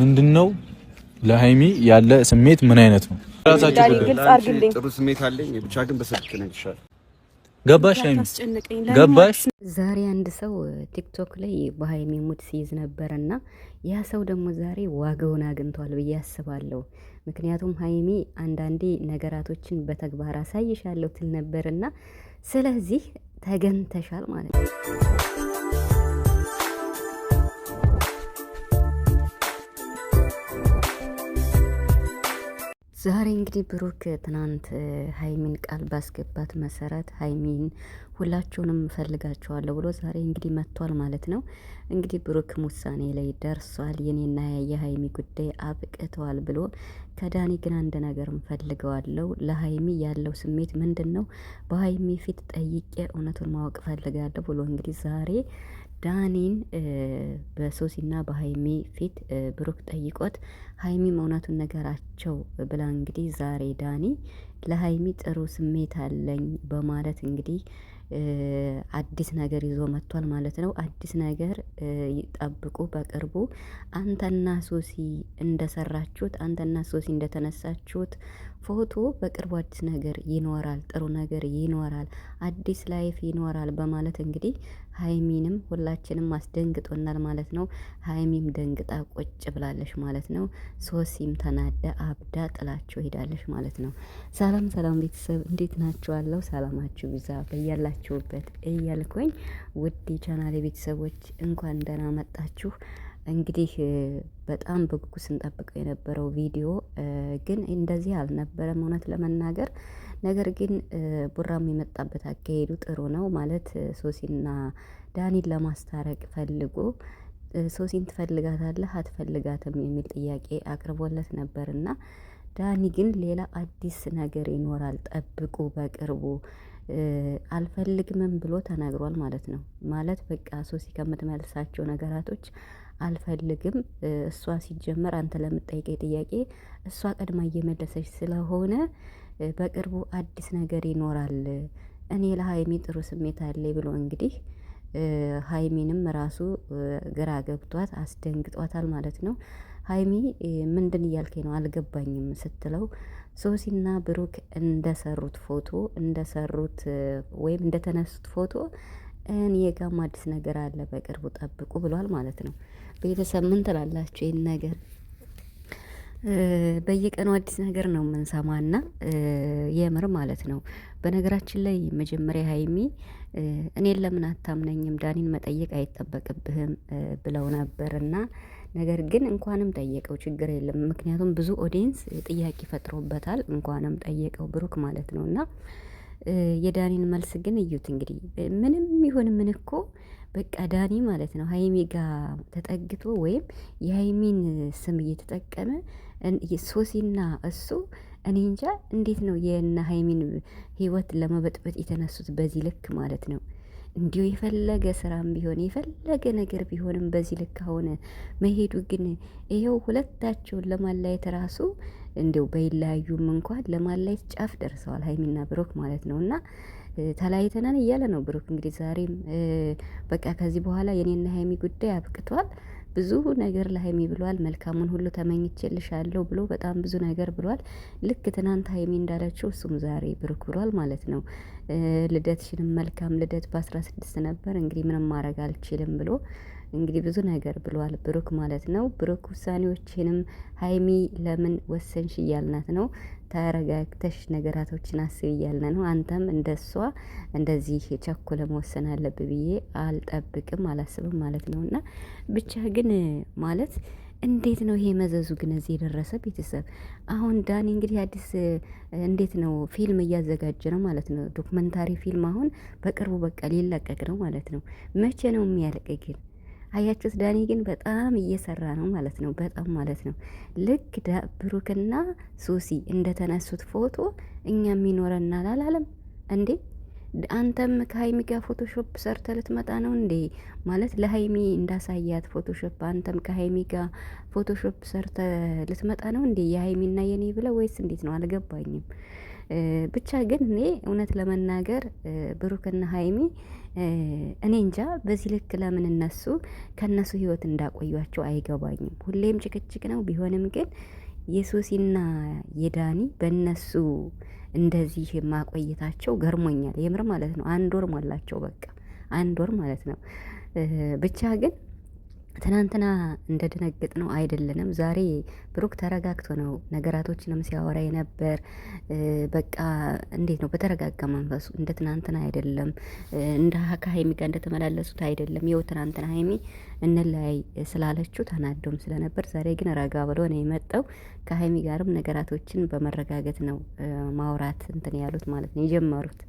ምንድነው ለሀይሚ ያለ ስሜት ምን አይነት ነው? ጥሩ ስሜት አለኝ ብቻ ግን በስልክ ገባሽ ሀይሚ ገባሽ? ዛሬ አንድ ሰው ቲክቶክ ላይ በሀይሚ ሙድ ሲይዝ ነበረና ያ ሰው ደግሞ ዛሬ ዋጋውን አግኝቷል ብዬ አስባለሁ። ምክንያቱም ሀይሚ አንዳንዴ ነገራቶችን በተግባር አሳይሻለሁ ትል ነበርና ስለዚህ ተገንተሻል ማለት ነው። ዛሬ እንግዲህ ብሩክ ትናንት ሀይሚን ቃል ባስገባት መሰረት ሀይሚን ሁላችሁንም እፈልጋችኋለሁ ብሎ ዛሬ እንግዲህ መጥቷል ማለት ነው። እንግዲህ ብሩክም ውሳኔ ላይ ደርሷል። የኔና የሀይሚ ጉዳይ አብቅተዋል ብሎ ከዳኒ ግን አንድ ነገር እፈልገዋለሁ። ለሀይሚ ያለው ስሜት ምንድን ነው? በሀይሚ ፊት ጠይቄ እውነቱን ማወቅ እፈልጋለሁ ብሎ እንግዲህ ዛሬ ዳኒን በሶሲና በሀይሚ ፊት ብሩክ ጠይቆት ሀይሚ እውነቱን ነገራቸው ብላ እንግዲህ ዛሬ ዳኒ ለሀይሚ ጥሩ ስሜት አለኝ በማለት እንግዲህ አዲስ ነገር ይዞ መጥቷል ማለት ነው። አዲስ ነገር ይጠብቁ። በቅርቡ አንተና ሶሲ እንደሰራችሁት፣ አንተና ሶሲ እንደተነሳችሁት ፎቶ በቅርቡ አዲስ ነገር ይኖራል፣ ጥሩ ነገር ይኖራል፣ አዲስ ላይፍ ይኖራል በማለት እንግዲህ ሀይሚንም ሁላችንም አስደንግጦናል ማለት ነው። ሀይሚም ደንግጣ ቁጭ ብላለች ማለት ነው። ሶሲም ተናደ አብዳ ጥላቸው ሄዳለች ማለት ነው። ሰላም ሰላም ቤተሰብ እንዴት ናችሁ? አለው ሰላማችሁ ብዛ በያላችሁበት እያልኩኝ ውድ ቻናሌ ቤተሰቦች እንኳን ደህና መጣችሁ። እንግዲህ በጣም በጉጉ ስንጠብቀው የነበረው ቪዲዮ ግን እንደዚህ አልነበረም፣ እውነት ለመናገር ነገር ግን ቡራም የመጣበት አካሄዱ ጥሩ ነው። ማለት ሶሲና ዳኒን ለማስታረቅ ፈልጎ ሶሲን ትፈልጋታለህ አትፈልጋትም የሚል ጥያቄ አቅርቦለት ነበር ዳኒ ግን ሌላ አዲስ ነገር ይኖራል ጠብቁ፣ በቅርቡ አልፈልግምም ብሎ ተናግሯል ማለት ነው። ማለት በቃ ሶሲ ከምትመልሳቸው ነገራቶች አልፈልግም። እሷ ሲጀመር አንተ ለምጠይቀኝ ጥያቄ እሷ ቀድማ እየመለሰች ስለሆነ በቅርቡ አዲስ ነገር ይኖራል። እኔ ለሀይሚ ጥሩ ስሜት አለ ብሎ እንግዲህ ሀይሚንም ራሱ ግራ ገብቷት አስደንግጧታል ማለት ነው። ሀይሚ ምንድን እያልከኝ ነው አልገባኝም ስትለው ሶሲና ብሩክ እንደሰሩት ፎቶ እንደሰሩት ወይም እንደተነሱት ፎቶ እኔ ጋም አዲስ ነገር አለ በቅርቡ ጠብቁ ብሏል ማለት ነው። ቤተሰብ ምን ትላላችሁ? ይህን ነገር በየቀኑ አዲስ ነገር ነው የምንሰማና የምር ማለት ነው። በነገራችን ላይ መጀመሪያ ሀይሚ እኔን ለምን አታምነኝም ዳኒን መጠየቅ አይጠበቅብህም ብለው ነበርና ነገር ግን እንኳንም ጠየቀው ችግር የለም። ምክንያቱም ብዙ ኦዲየንስ ጥያቄ ፈጥሮበታል። እንኳንም ጠየቀው ብሩክ ማለት ነው እና የዳኒን መልስ ግን እዩት እንግዲህ ምንም ይሁን ምን እኮ በቃ ዳኒ ማለት ነው ሀይሚ ጋር ተጠግቶ ወይም የሀይሚን ስም እየተጠቀመ ሶሲና እሱ እኔ እንጃ እንዴት ነው የእነ ሀይሚን ህይወት ለመበጥበጥ የተነሱት በዚህ ልክ ማለት ነው። እንዲሁ የፈለገ ስራም ቢሆን የፈለገ ነገር ቢሆንም በዚህ ልክ አሁን መሄዱ ግን ይኸው ሁለታቸውን ለማላየት ራሱ እንዲው በይለያዩም እንኳን ለማላየት ጫፍ ደርሰዋል ሀይሚና ብሩክ ማለት ነው እና ተለያይተናል እያለ ነው ብሩክ እንግዲህ ዛሬም በቃ ከዚህ በኋላ የኔና ሀይሚ ጉዳይ አብቅቷል ብዙ ነገር ለሀይሚ ብሏል። መልካሙን ሁሉ ተመኝቼልሻለሁ ብሎ በጣም ብዙ ነገር ብሏል። ልክ ትናንት ሀይሚ እንዳለችው እሱም ዛሬ ብሩክ ብሏል ማለት ነው። ልደትሽንም መልካም ልደት በአስራ ስድስት ነበር እንግዲህ ምንም ማድረግ አልችልም ብሎ እንግዲህ ብዙ ነገር ብሏል ብሩክ ማለት ነው። ብሩክ ውሳኔዎችንም ሀይሚ ለምን ወሰንሽ እያልናት ነው። ተረጋግተሽ ነገራቶችን አስብ እያለ ነው። አንተም እንደ እሷ እንደዚህ ቸኩለ መወሰን አለብ ብዬ አልጠብቅም አላስብም ማለት ነው። እና ብቻ ግን ማለት እንዴት ነው ይሄ መዘዙ ግን እዚህ የደረሰ ቤተሰብ? አሁን ዳኒ እንግዲህ አዲስ እንዴት ነው ፊልም እያዘጋጀ ነው ማለት ነው። ዶክመንታሪ ፊልም አሁን በቅርቡ በቃ ሊለቀቅ ነው ማለት ነው። መቼ ነው የሚያልቅ ግን? አያችሁት? ዳኒ ግን በጣም እየሰራ ነው ማለት ነው። በጣም ማለት ነው። ልክ ብሩክና ሶሲ እንደተነሱት ፎቶ እኛም ይኖረናል አላለም እንዴ? አንተም ከሀይሚ ጋር ፎቶሾፕ ሰርተ ልትመጣ ነው እንዴ? ማለት ለሀይሚ እንዳሳያት ፎቶሾፕ አንተም ከሀይሚ ጋር ፎቶሾፕ ሰርተ ልትመጣ ነው እንዴ? የሀይሚና የኔ ብለ ወይስ እንዴት ነው? አልገባኝም። ብቻ ግን እኔ እውነት ለመናገር ብሩክና ሀይሚ እኔ እንጃ በዚህ ልክ ለምን እነሱ ከእነሱ ህይወት እንዳቆያቸው አይገባኝም። ሁሌም ጭቅጭቅ ነው። ቢሆንም ግን የሶሲና የዳኒ በእነሱ እንደዚህ ማቆየታቸው ገርሞኛል። የምር ማለት ነው። አንድ ወር ሞላቸው። በቃ አንድ ወር ማለት ነው ብቻ ግን ትናንትና እንደደነገጥ ነው አይደለንም። ዛሬ ብሩክ ተረጋግቶ ነው ነገራቶችንም ሲያወራ የነበር። በቃ እንዴት ነው በተረጋጋ መንፈሱ እንደ ትናንትና አይደለም፣ እንደ ከሀይሚ ጋር እንደተመላለሱት አይደለም። ይኸው ትናንትና ሀይሚ እንለያይ ስላለችው ተናዶም ስለነበር፣ ዛሬ ግን ረጋ ብሎ ነው የመጣው። ከሀይሚ ጋርም ነገራቶችን በመረጋገት ነው ማውራት እንትን ያሉት ማለት ነው የጀመሩት።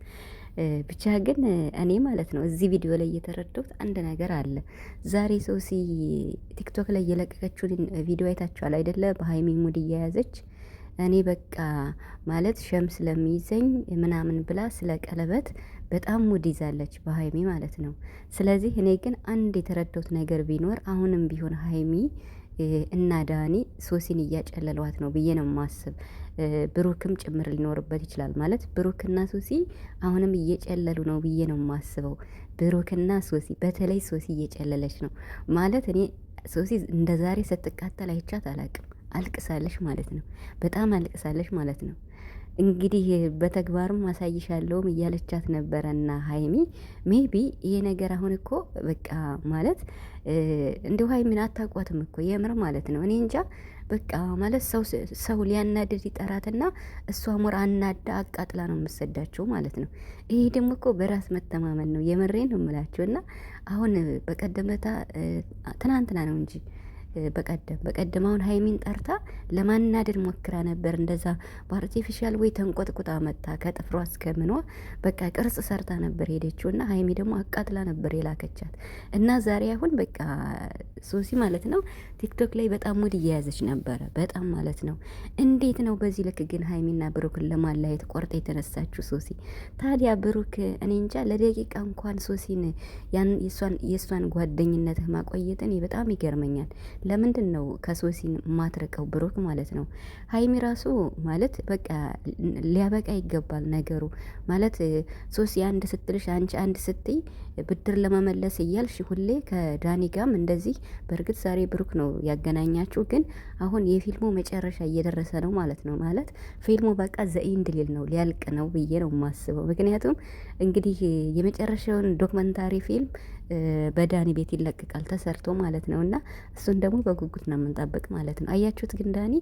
ብቻ ግን እኔ ማለት ነው እዚህ ቪዲዮ ላይ እየተረዳሁት አንድ ነገር አለ። ዛሬ ሶሲ ቲክቶክ ላይ የለቀቀችውን ቪዲዮ አይታችኋል አይደለ? በሀይሚ ሙድ እየያዘች እኔ በቃ ማለት ሸም ስለሚይዘኝ ምናምን ብላ ስለ ቀለበት በጣም ሙድ ይዛለች በሀይሚ ማለት ነው። ስለዚህ እኔ ግን አንድ የተረዳሁት ነገር ቢኖር አሁንም ቢሆን ሀይሚ እና ዳኒ ሶሲን እያጨለሏት ነው ብዬ ነው የማስብ። ብሩክም ጭምር ሊኖርበት ይችላል ማለት ብሩክና ሶሲ አሁንም እየጨለሉ ነው ብዬ ነው የማስበው። ብሩክና ሶሲ በተለይ ሶሲ እየጨለለች ነው ማለት እኔ ሶሲ እንደ ዛሬ ስትቃጠል አይቻት አላቅም። አልቅሳለች ማለት ነው። በጣም አልቅሳለች ማለት ነው። እንግዲህ በተግባርም አሳይሻለሁም እያለቻት ነበረና ሀይሚ ሜቢ ይሄ ነገር አሁን እኮ በቃ ማለት እንዲሁ ሀይሚን አታቋትም እኮ የምር ማለት ነው። እኔ እንጃ በቃ ማለት ሰው ሊያናድድ ይጠራትና እሷ ሞር አናዳ አቃጥላ ነው የምሰዳቸው ማለት ነው። ይሄ ደግሞ እኮ በራስ መተማመን ነው። የምሬን ነው የምላቸው እና አሁን በቀደም ዕለት ትናንትና ነው እንጂ በቀደም በቀደም አሁን ሀይሚን ጠርታ ለማናደድ ሞክራ ነበር። እንደዛ በአርቲፊሻል ወይ ተንቆጥቁጣ መታ ከጥፍሯ እስከምኗ በቃ ቅርጽ ሰርታ ነበር ሄደችው እና ሀይሚ ደግሞ አቃጥላ ነበር የላከቻት እና ዛሬ አሁን በቃ ሶሲ ማለት ነው ቲክቶክ ላይ በጣም ሙድ እየያዘች ነበረ። በጣም ማለት ነው። እንዴት ነው በዚህ ልክ ግን ሀይሚና ብሩክን ለማላየት ቆርጣ የተነሳችው ሶሲ? ታዲያ ብሩክ እኔ እንጃ ለደቂቃ እንኳን ሶሲን የእሷን ጓደኝነትህ ማቆየትን በጣም ይገርመኛል። ለምንድን ነው ከሶሲን ማትረቀው ብሩክ ማለት ነው? ሀይሚ ራሱ ማለት በቃ ሊያበቃ ይገባል ነገሩ ማለት ሶሲ አንድ ስትልሽ አንቺ አንድ ስትይ ብድር ለመመለስ እያልሽ ሁሌ ከዳኒ ጋም እንደዚህ። በእርግጥ ዛሬ ብሩክ ነው ያገናኛችሁ፣ ግን አሁን የፊልሙ መጨረሻ እየደረሰ ነው ማለት ነው። ማለት ፊልሙ በቃ ዘኢንድ ሊል ነው ሊያልቅ ነው ብዬ ነው የማስበው። ምክንያቱም እንግዲህ የመጨረሻውን ዶክመንታሪ ፊልም በዳኒ ቤት ይለቀቃል ተሰርቶ ማለት ነው እና እሱን ደግሞ ደግሞ በጉጉት ነው የምንጠብቅ ማለት ነው። አያችሁት ግን ዳኒ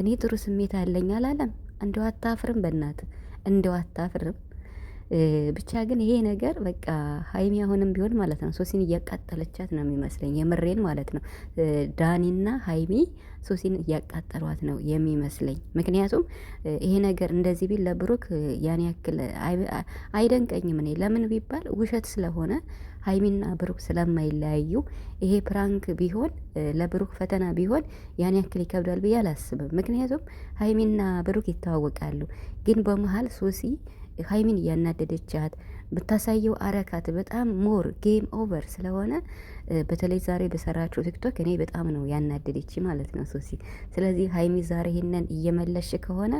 እኔ ጥሩ ስሜት አለኝ አላለም? እንደው አታፍርም? በእናት እንደው አታፍርም? ብቻ ግን ይሄ ነገር በቃ ሀይሚ አሁንም ቢሆን ማለት ነው ሶሲን እያቃጠለቻት ነው የሚመስለኝ። የምሬን ማለት ነው ዳኒና ሀይሚ ሶሲን እያቃጠሏት ነው የሚመስለኝ። ምክንያቱም ይሄ ነገር እንደዚህ ቢል ለብሩክ ያን ያክል አይደንቀኝም። እኔ ለምን ቢባል ውሸት ስለሆነ ሀይሚና ብሩክ ስለማይለያዩ ይሄ ፕራንክ ቢሆን ለብሩክ ፈተና ቢሆን ያን ያክል ይከብዳል ብዬ አላስብም። ምክንያቱም ሀይሚና ብሩክ ይተዋወቃሉ፣ ግን በመሀል ሶሲ ሀይሚን እያናደደቻት ብታሳየው አረካት በጣም ሞር ጌም ኦቨር ስለሆነ በተለይ ዛሬ በሰራችው ቲክቶክ እኔ በጣም ነው ያናደደች ማለት ነው ሶሲ። ስለዚህ ሀይሚ ዛሬ ይሄንን እየመለሽ ከሆነ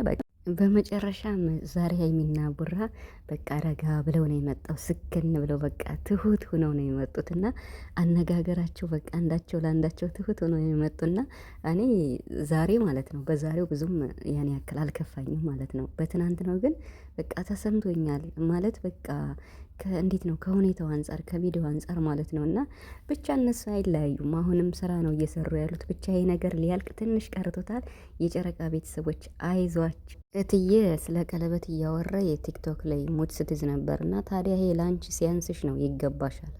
በመጨረሻም ዛሬ ሀይሚና ቡራ በቃ ረጋ ብለው ነው የመጣው። ስክን ብለው በቃ ትሁት ሆነው ነው የመጡት እና አነጋገራቸው በቃ አንዳቸው ለአንዳቸው ትሁት ሆነው የመጡና እኔ ዛሬ ማለት ነው በዛሬው ብዙም ያን ያክል አልከፋኝም ማለት ነው። በትናንት ነው ግን በቃ ተሰምቶኛል ማለት በቃ እንዴት ነው ከሁኔታው አንጻር ከቪዲዮ አንጻር ማለት ነው። እና ብቻ እነሱ አይለያዩም። አሁንም ስራ ነው እየሰሩ ያሉት። ብቻ ይሄ ነገር ሊያልቅ ትንሽ ቀርቶታል። የጨረቃ ቤተሰቦች አይዟች። እትዬ ስለ ቀለበት እያወራ የቲክቶክ ላይ ሙድ ስትዝ ነበር እና ታዲያ ይሄ ላንቺ ሲያንስሽ ነው ይገባሻል።